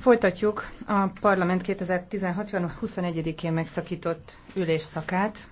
Folytatjuk a parlament 2016. január one én megszaktott ülésszakát.